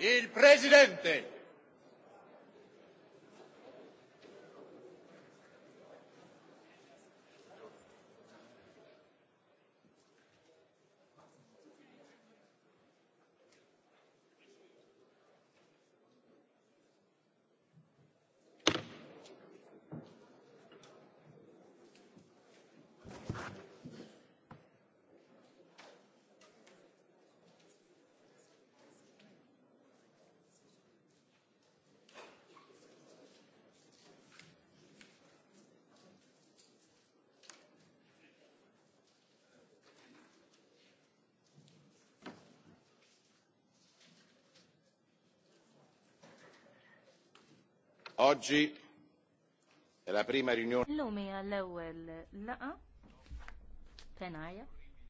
Il-Presidente! Oggi è la prima riunione. laqa